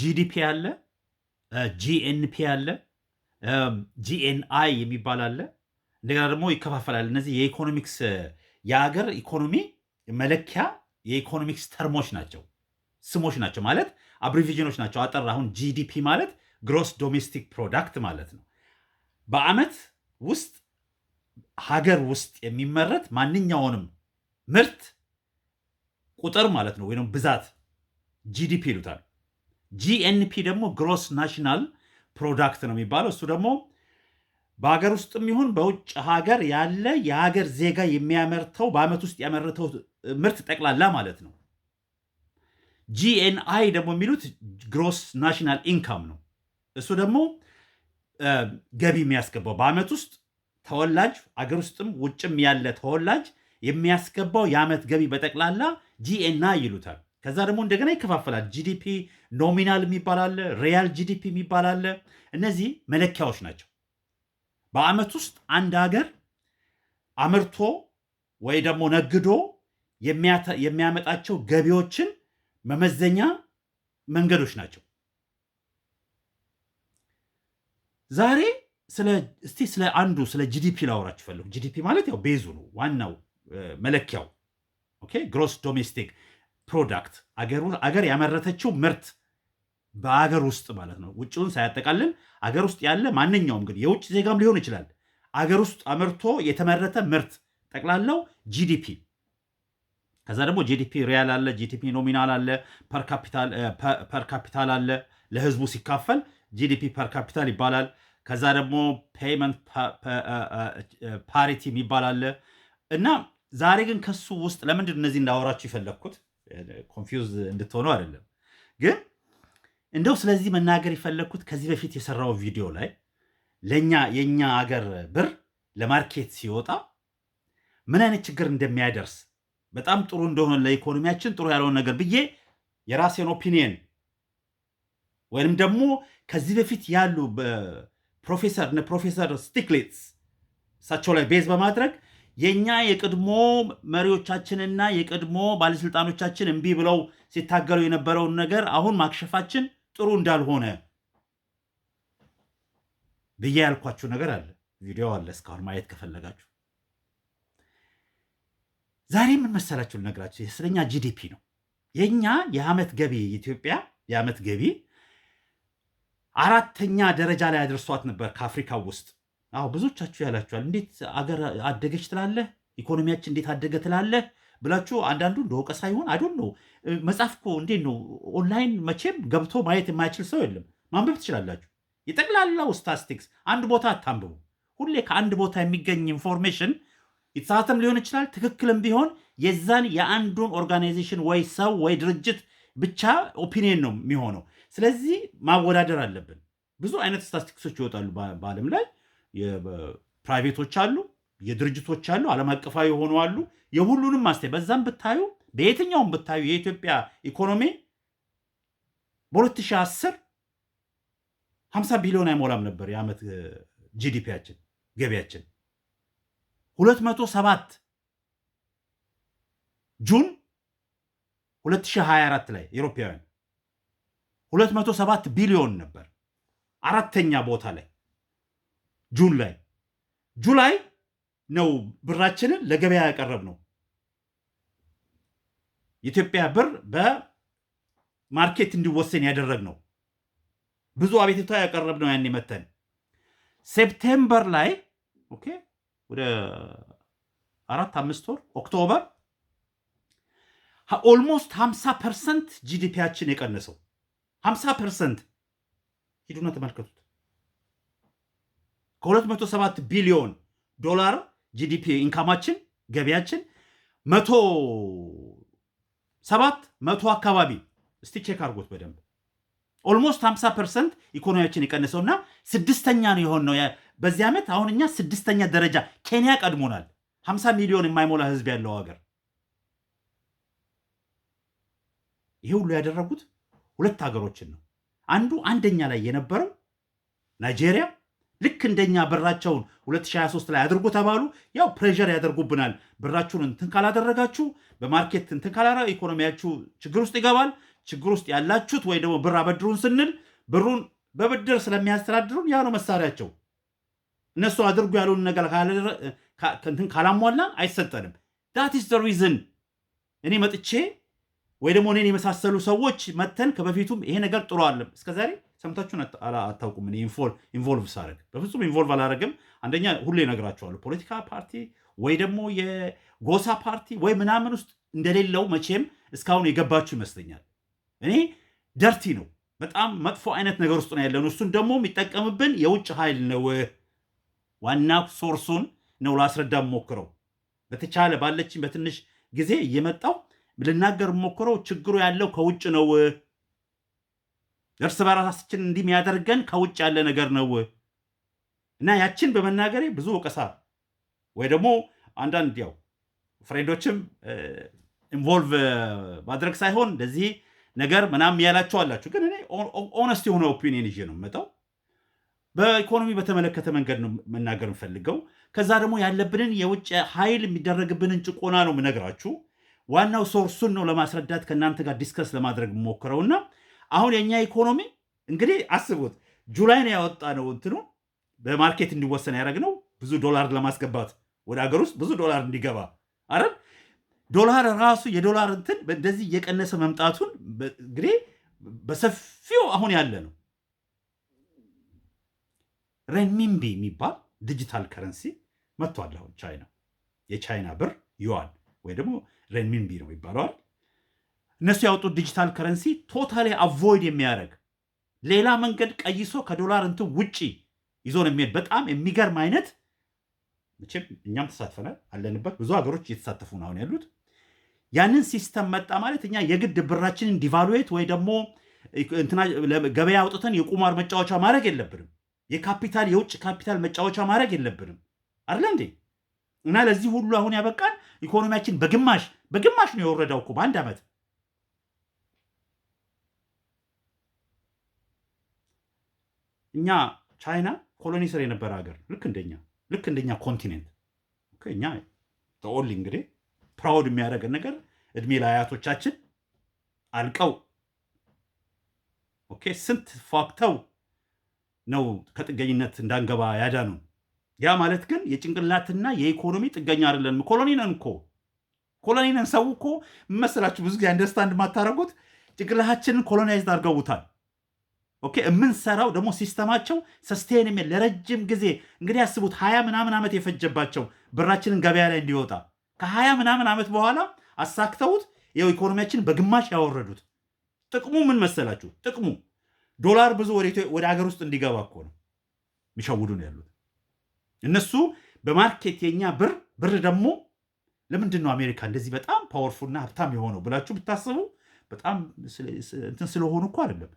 ጂዲፒ አለ፣ ጂኤንፒ አለ፣ ጂኤንአይ የሚባል አለ። እንደገና ደግሞ ይከፋፈላል። እነዚህ የኢኮኖሚክስ የሀገር ኢኮኖሚ መለኪያ የኢኮኖሚክስ ተርሞች ናቸው፣ ስሞች ናቸው ማለት አብሪቪዥኖች ናቸው። አጠር አሁን ጂዲፒ ማለት ግሮስ ዶሜስቲክ ፕሮዳክት ማለት ነው። በአመት ውስጥ ሀገር ውስጥ የሚመረት ማንኛውንም ምርት ቁጥር ማለት ነው፣ ወይም ብዛት ጂዲፒ ይሉታል። ጂኤንፒ ደግሞ ግሮስ ናሽናል ፕሮዳክት ነው የሚባለው። እሱ ደግሞ በሀገር ውስጥም ይሁን በውጭ ሀገር ያለ የሀገር ዜጋ የሚያመርተው በአመት ውስጥ ያመረተው ምርት ጠቅላላ ማለት ነው። ጂኤንአይ ደግሞ የሚሉት ግሮስ ናሽናል ኢንካም ነው። እሱ ደግሞ ገቢ የሚያስገባው በአመት ውስጥ ተወላጅ አገር ውስጥም ውጭም ያለ ተወላጅ የሚያስገባው የአመት ገቢ በጠቅላላ ጂኤንአይ ይሉታል። ከዛ ደግሞ እንደገና ይከፋፈላል። ጂዲፒ ኖሚናል የሚባል አለ፣ ሪያል ጂዲፒ የሚባል አለ። እነዚህ መለኪያዎች ናቸው። በዓመት ውስጥ አንድ ሀገር አምርቶ ወይ ደግሞ ነግዶ የሚያመጣቸው ገቢዎችን መመዘኛ መንገዶች ናቸው። ዛሬ እስቲ ስለ አንዱ ስለ ጂዲፒ ላወራችሁ ፈለሁ። ጂዲፒ ማለት ያው ቤዙ ነው፣ ዋናው መለኪያው ኦኬ፣ ግሮስ ዶሜስቲክ ፕሮዳክት አገር ያመረተችው ምርት በአገር ውስጥ ማለት ነው። ውጭውን ሳያጠቃልል አገር ውስጥ ያለ ማንኛውም ግን የውጭ ዜጋም ሊሆን ይችላል። አገር ውስጥ አምርቶ የተመረተ ምርት ጠቅላላው ጂዲፒ። ከዛ ደግሞ ጂዲፒ ሪያል አለ፣ ጂዲፒ ኖሚናል አለ፣ ፐር ካፒታል አለ። ለህዝቡ ሲካፈል ጂዲፒ ፐር ካፒታል ይባላል። ከዛ ደግሞ ፔይመንት ፓሪቲ ይባላል እና ዛሬ ግን ከሱ ውስጥ ለምንድን እነዚህ እንዳወራችሁ የፈለግኩት ኮንፊውዝ እንድትሆኑ አይደለም። ግን እንደው ስለዚህ መናገር የፈለግኩት ከዚህ በፊት የሰራው ቪዲዮ ላይ ለእኛ የእኛ አገር ብር ለማርኬት ሲወጣ ምን አይነት ችግር እንደሚያደርስ በጣም ጥሩ እንደሆነ ለኢኮኖሚያችን ጥሩ ያለውን ነገር ብዬ የራሴን ኦፒኒየን ወይም ደግሞ ከዚህ በፊት ያሉ ፕሮፌሰር ፕሮፌሰር ስቲክሌትስ እሳቸው ላይ ቤዝ በማድረግ የእኛ የቀድሞ መሪዎቻችንና የቀድሞ ባለስልጣኖቻችን እምቢ ብለው ሲታገሉ የነበረውን ነገር አሁን ማክሸፋችን ጥሩ እንዳልሆነ ብዬ ያልኳችሁ ነገር አለ። ቪዲዮ አለ እስካሁን ማየት ከፈለጋችሁ። ዛሬ ምን መሰላችሁ ልነግራችሁ፣ ስለኛ ጂዲፒ ነው የእኛ የአመት ገቢ ኢትዮጵያ የአመት ገቢ አራተኛ ደረጃ ላይ አድርሷት ነበር ከአፍሪካ ውስጥ አዎ ብዙዎቻችሁ ያላችኋል። እንዴት አገር አደገች ትላለህ፣ ኢኮኖሚያችን እንዴት አደገ ትላለህ ብላችሁ አንዳንዱ እንደ ወቀሳ ይሆን አይዶን ነው። መጽሐፍ እኮ እንዴት ነው ኦንላይን መቼም ገብቶ ማየት የማይችል ሰው የለም። ማንበብ ትችላላችሁ። የጠቅላላው ስታስቲክስ አንድ ቦታ አታንብቡ። ሁሌ ከአንድ ቦታ የሚገኝ ኢንፎርሜሽን የተሳተም ሊሆን ይችላል፣ ትክክልም ቢሆን የዛን የአንዱን ኦርጋናይዜሽን ወይ ሰው ወይ ድርጅት ብቻ ኦፒኒየን ነው የሚሆነው። ስለዚህ ማወዳደር አለብን። ብዙ አይነት ስታስቲክሶች ይወጣሉ በዓለም ላይ ፕራይቬቶች አሉ፣ የድርጅቶች አሉ፣ ዓለም አቀፋዊ የሆኑ አሉ። የሁሉንም አስተያየት በዛም ብታዩ በየትኛውም ብታዩ የኢትዮጵያ ኢኮኖሚ በ2010 50 ቢሊዮን አይሞላም ነበር የዓመት ጂዲፒያችን ገቢያችን 207 ጁን 2024 ላይ ኤሮፓውያን 207 ቢሊዮን ነበር አራተኛ ቦታ ላይ ጁን ላይ ጁላይ ነው ብራችንን ለገበያ ያቀረብ ነው። የኢትዮጵያ ብር በማርኬት እንዲወሰን ያደረግ ነው። ብዙ አቤቱታ ያቀረብ ነው ያን መተን ሴፕቴምበር ላይ ኦኬ ወደ አራት አምስት ወር ኦክቶበር ኦልሞስት 50 ፐርሰንት ጂዲፒያችን የቀነሰው 50 ፐርሰንት ሂዱና ተመልከቱት። ከ207 ቢሊዮን ዶላር ጂዲፒ ኢንካማችን ገቢያችን መቶ ሰባት መቶ አካባቢ እስቲ ቼክ አድርጎት በደንብ ኦልሞስት 50 ፐርሰንት ኢኮኖሚያችን የቀነሰው እና ስድስተኛ ነው የሆን ነው በዚህ ዓመት አሁን እኛ ስድስተኛ ደረጃ ኬንያ ቀድሞናል። 50 ሚሊዮን የማይሞላ ህዝብ ያለው ሀገር ይሄ ሁሉ ያደረጉት ሁለት ሀገሮችን ነው። አንዱ አንደኛ ላይ የነበረው ናይጄሪያ ልክ እንደኛ ብራቸውን 2023 ላይ አድርጉ ተባሉ። ያው ፕሬዠር ያደርጉብናል። ብራችሁን እንትን ካላደረጋችሁ፣ በማርኬት እንትን ካላረ ኢኮኖሚያችሁ ችግር ውስጥ ይገባል። ችግር ውስጥ ያላችሁት ወይ ደግሞ ብር አበድሩን ስንል ብሩን በብድር ስለሚያስተዳድሩን ያ ነው መሳሪያቸው። እነሱ አድርጉ ያሉን ነገር እንትን ካላሟላን አይሰጠንም። ዳት ኢዝ ዘ ሪዝን እኔ መጥቼ ወይ ደግሞ እኔን የመሳሰሉ ሰዎች መተን ከበፊቱም ይሄ ነገር ጥሩ አለም እስከዛሬ ሰምታችሁን አታውቁም። እኔ ኢንቮልቭ ሳደርግ በፍጹም ኢንቮልቭ አላደርግም። አንደኛ ሁሌ እነግራችኋለሁ፣ ፖለቲካ ፓርቲ ወይ ደግሞ የጎሳ ፓርቲ ወይ ምናምን ውስጥ እንደሌለው መቼም እስካሁን የገባችሁ ይመስለኛል። እኔ ደርቲ ነው በጣም መጥፎ አይነት ነገር ውስጥ ነው ያለን። እሱን ደግሞ የሚጠቀምብን የውጭ ኃይል ነው። ዋና ሶርሱን ነው ላስረዳ ሞክረው በተቻለ ባለችን በትንሽ ጊዜ እየመጣው ልናገር ሞክረው ችግሩ ያለው ከውጭ ነው። እርስ በራሳችን እንዲህ የሚያደርገን ከውጭ ያለ ነገር ነው እና ያችን በመናገሬ ብዙ ወቀሳ ወይ ደግሞ አንዳንድ ያው ፍሬንዶችም ኢንቮልቭ ማድረግ ሳይሆን እንደዚህ ነገር ምናምን ያላችሁ አላችሁ። ግን እኔ ኦነስት የሆነ ኦፒኒየን ይዤ ነው የምመጣው። በኢኮኖሚ በተመለከተ መንገድ ነው መናገር የምፈልገው። ከዛ ደግሞ ያለብንን የውጭ ኃይል የሚደረግብንን ጭቆና ነው የምነግራችሁ። ዋናው ሶርሱን ነው ለማስረዳት ከእናንተ ጋር ዲስከስ ለማድረግ የምሞክረውና አሁን የእኛ ኢኮኖሚ እንግዲህ አስቡት፣ ጁላይ ነው ያወጣ ነው እንትኑ በማርኬት እንዲወሰን ያደረግ ነው ብዙ ዶላር ለማስገባት ወደ ሀገር ውስጥ ብዙ ዶላር እንዲገባ አረ ዶላር ራሱ የዶላር እንትን እንደዚህ እየቀነሰ መምጣቱን እንግዲህ በሰፊው አሁን ያለ ነው። ረንሚንቢ የሚባል ዲጂታል ከረንሲ መጥቷል። አሁን ቻይና የቻይና ብር ዩዋን ወይ ደግሞ ረንሚንቢ ነው ይባለዋል። እነሱ ያወጡት ዲጂታል ከረንሲ ቶታሊ አቮይድ የሚያደርግ ሌላ መንገድ ቀይሶ ከዶላር እንትን ውጪ ይዞ ነው የሚሄድ። በጣም የሚገርም አይነት መቼም እኛም ተሳትፈናል አለንበት። ብዙ ሀገሮች እየተሳተፉ ነው አሁን ያሉት። ያንን ሲስተም መጣ ማለት እኛ የግድ ብራችንን ዲቫሉዌት ወይ ደግሞ ገበያ አውጥተን የቁማር መጫወቻ ማድረግ የለብንም። የካፒታል የውጭ ካፒታል መጫወቻ ማድረግ የለብንም አይደለ እንዴ? እና ለዚህ ሁሉ አሁን ያበቃን ኢኮኖሚያችን በግማሽ በግማሽ ነው የወረደው እኮ በአንድ ዓመት እኛ ቻይና ኮሎኒ ስር የነበረ ሀገር ልክ እንደኛ ልክ እንደኛ ኮንቲኔንት እኛ ተኦል እንግዲህ ፕራውድ የሚያደርገን ነገር እድሜ ለአያቶቻችን አልቀው ኦኬ ስንት ፋክተው ነው ከጥገኝነት እንዳንገባ ያዳ ነው። ያ ማለት ግን የጭንቅላትና የኢኮኖሚ ጥገኛ አይደለንም። ኮሎኒ ነን እኮ ኮሎኒ ነን። ሰው እኮ መሰላችሁ ብዙ ጊዜ አንደርስታንድ ማታረጉት ጭንቅላታችንን ኮሎናይዝድ አድርገውታል። ኦኬ የምንሰራው ደግሞ ሲስተማቸው ሰስቴንሜል ለረጅም ጊዜ እንግዲህ ያስቡት ሀያ ምናምን ዓመት የፈጀባቸው ብራችንን ገበያ ላይ እንዲወጣ ከሀያ ምናምን ዓመት በኋላ አሳክተውት ይኸው ኢኮኖሚያችን በግማሽ ያወረዱት። ጥቅሙ ምን መሰላችሁ? ጥቅሙ ዶላር ብዙ ወደ ሀገር ውስጥ እንዲገባ እኮ ነው የሚሸውዱ ነው ያሉት እነሱ በማርኬት የኛ ብር ብር ደግሞ ለምንድን ነው አሜሪካ እንደዚህ በጣም ፓወርፉልና ሀብታም የሆነው ብላችሁ ብታስቡ በጣም እንትን ስለሆኑ እኮ አይደለም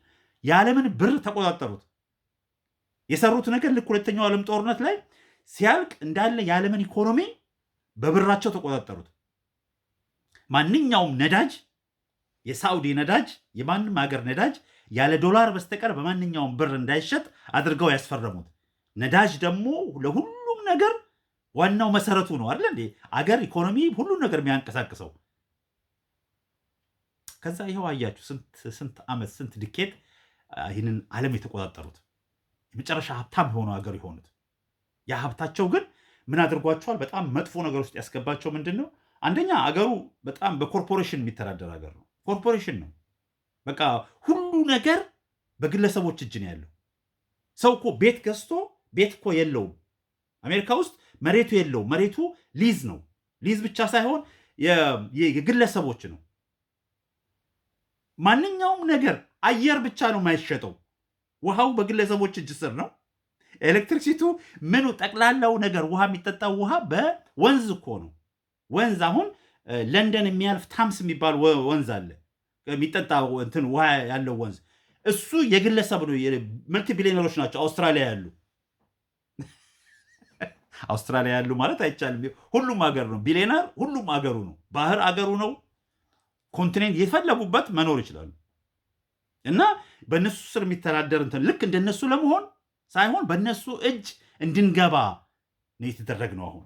የዓለምን ብር ተቆጣጠሩት። የሰሩት ነገር ልክ ሁለተኛው ዓለም ጦርነት ላይ ሲያልቅ እንዳለ የዓለምን ኢኮኖሚ በብራቸው ተቆጣጠሩት። ማንኛውም ነዳጅ፣ የሳውዲ ነዳጅ፣ የማንም ሀገር ነዳጅ ያለ ዶላር በስተቀር በማንኛውም ብር እንዳይሸጥ አድርገው ያስፈረሙት። ነዳጅ ደግሞ ለሁሉም ነገር ዋናው መሰረቱ ነው አለ እንዴ? አገር ኢኮኖሚ፣ ሁሉም ነገር የሚያንቀሳቅሰው ከዛ ይኸው አያችሁ ስንት ስንት ዓመት ስንት ድኬት ይህንን ዓለም የተቆጣጠሩት የመጨረሻ ሀብታም የሆነ ሀገር የሆኑት ያ ሀብታቸው ግን ምን አድርጓቸዋል? በጣም መጥፎ ነገር ውስጥ ያስገባቸው ምንድን ነው? አንደኛ አገሩ በጣም በኮርፖሬሽን የሚተዳደር ሀገር ነው። ኮርፖሬሽን ነው በቃ ሁሉ ነገር በግለሰቦች እጅ ነው ያለው። ሰው እኮ ቤት ገዝቶ ቤት እኮ የለውም አሜሪካ ውስጥ መሬቱ የለውም። መሬቱ ሊዝ ነው። ሊዝ ብቻ ሳይሆን የግለሰቦች ነው ማንኛውም ነገር አየር ብቻ ነው የማይሸጠው። ውሃው በግለሰቦች እጅ ስር ነው። ኤሌክትሪክሲቱ ምኑ ጠቅላላው ነገር ውሃ የሚጠጣው ውሃ በወንዝ እኮ ነው። ወንዝ አሁን ለንደን የሚያልፍ ታምስ የሚባል ወንዝ አለ፣ የሚጠጣ እንትን ውሃ ያለው ወንዝ። እሱ የግለሰብ ነው። መልቲ ቢሊዮነሮች ናቸው አውስትራሊያ ያሉ። አውስትራሊያ ያሉ ማለት አይቻልም፣ ሁሉም አገር ነው ቢሊዮነር፣ ሁሉም አገሩ ነው። ባህር አገሩ ነው። ኮንቲኔንት የፈለጉበት መኖር ይችላሉ። እና በእነሱ ስር የሚተዳደር እንትን ልክ እንደነሱ ለመሆን ሳይሆን በእነሱ እጅ እንድንገባ ነው የተደረግነው። አሁን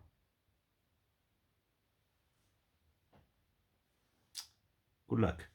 ጉላክ